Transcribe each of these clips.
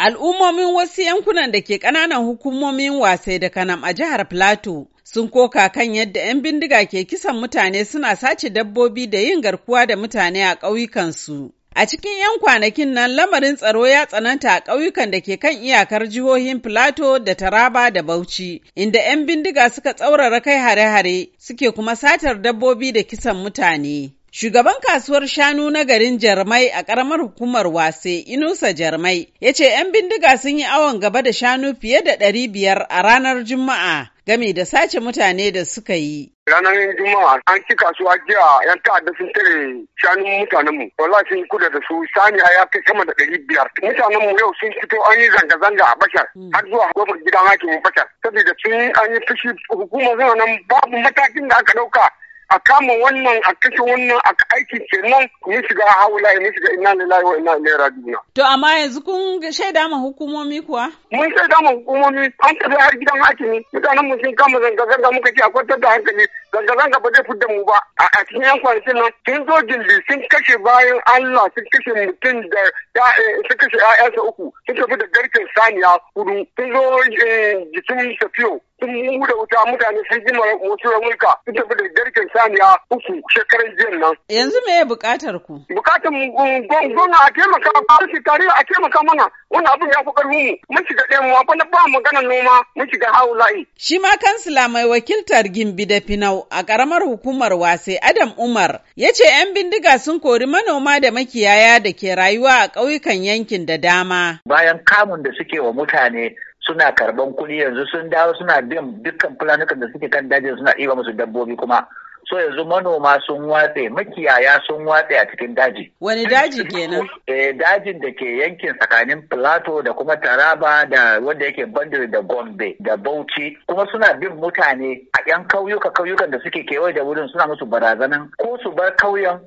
Al'ummomin wasu yankunan da ke ƙananan hukumomin wasai da kanam a jihar Plateau sun koka kan yadda 'yan bindiga ke kisan mutane suna sace dabbobi da yin garkuwa da mutane a ƙauyukansu. A cikin 'yan kwanakin nan lamarin tsaro ya tsananta a ƙauyukan da ke kan iyakar jihohin Filato da Taraba da Bauchi, inda 'yan bindiga suka tsaurara kai hare-hare suke kuma satar dabbobi da kisan mutane. Shugaban kasuwar shanu na garin Jarmai a ƙaramar hukumar Wase, Inusa Jarmai, ya ce 'yan bindiga sun yi awon gaba da shanu fiye da ɗari biyar a ranar Juma'a game da sace mutane da suka yi. ranar juma'a an ci kasuwa jiya yan ta'adda sun tare shanu mutanenmu. mu wallahi sun kuda da su saniya ya kai sama da ɗari biyar Mutanenmu yau sun fito an yi zanga-zanga a bashar hmm. har zuwa gofar gidan hakimin bashar saboda sun an yi fushi hukumar zuwa nan babu matakin da aka ɗauka a kama wannan a kashe wannan a aiki kenan mun shiga haulayi ni shiga inna lillahi wa inna ilaihi raji'un to amma yanzu kun shaida ma hukumomi kuwa mun shaida ma hukumomi an tafi har gidan hakimi mutanen mu sun kama zanga zanga muka ce a kwantar da hankali zanga zanga ba zai fudda mu ba a cikin yan kwanci nan sun zo gindi sun kashe bayan Allah sun kashe mutum da ya eh, sun kashe ƴaƴansa uku sun tafi da garken saniya hudu sun zo eh, jikin safiyo sun huda wuta mutane sun ji wasu mulka sun tafi da garken saniya saniya uku shekarun jiya nan. Yanzu me bukatar ku? Bukatar mu gwamna a taimaka ba su tare a taimaka mana wani abin ya fi karfi mu mun shiga ɗaya mu ba mu gana noma mun shiga layi. Shi ma kansila mai wakiltar Gimbi da Finau a ƙaramar hukumar Wase Adam Umar ya ce 'yan bindiga sun kori manoma da makiyaya da ke rayuwa a ƙauyukan yankin da dama. Bayan kamun da suke wa mutane suna karban kuɗi yanzu sun dawo suna bin dukkan fulanukan da suke kan dajin suna ɗiba musu dabbobi kuma so yanzu manoma sun watse makiyaya sun watse a cikin daji. Wani daji kenan? Eh dajin da ke yankin tsakanin Plateau da kuma Taraba da wanda yake bandir da Gombe da Bauchi kuma suna bin mutane a 'yan kauyuka kauyukan da suke kewaye da wurin suna musu barazanan ko su bar kauyen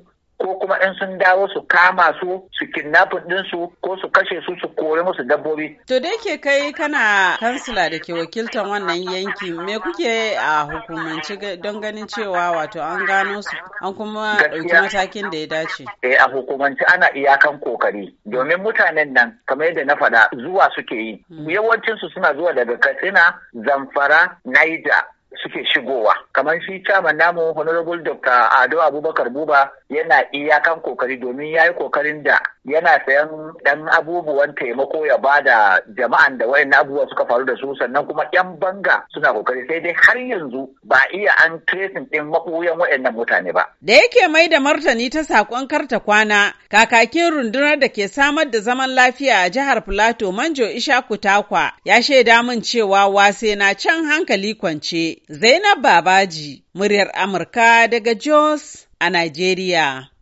ko kuma in sun dawo su kama su su kidnapping ɗinsu ko su kashe su su kore musu dabbobi. To da ke kai kana kansila da ke wakiltar wannan yanki me kuke a hukumance don ganin cewa wato an gano su an kuma ɗauki matakin da ya dace. Eh a hukumance ana iyakan kokari domin mutanen nan kamar yadda na faɗa zuwa suke yi. Hmm. Yawancinsu suna zuwa daga Katsina, Zamfara, Niger, suke shigowa kamar shi chairman namu honorable dr ado abubakar buba yana iyakan kokari domin ya yi kokarin da yana sayan ɗan abubuwan taimako ya ba da jama'an da wayan abubuwa suka faru da su sannan kuma yan banga suna kokari sai dai har yanzu ba iya an tracing ɗin makoyan wayannan mutane ba. Da yake mai da martani ta saƙon karta kwana kakakin rundunar da ke samar da zaman lafiya a jihar Filato Manjo Ishaku Takwa ya shaida min cewa wase na can hankali kwance. Zainab Babaji, muryar Amurka daga Jos a Najeriya.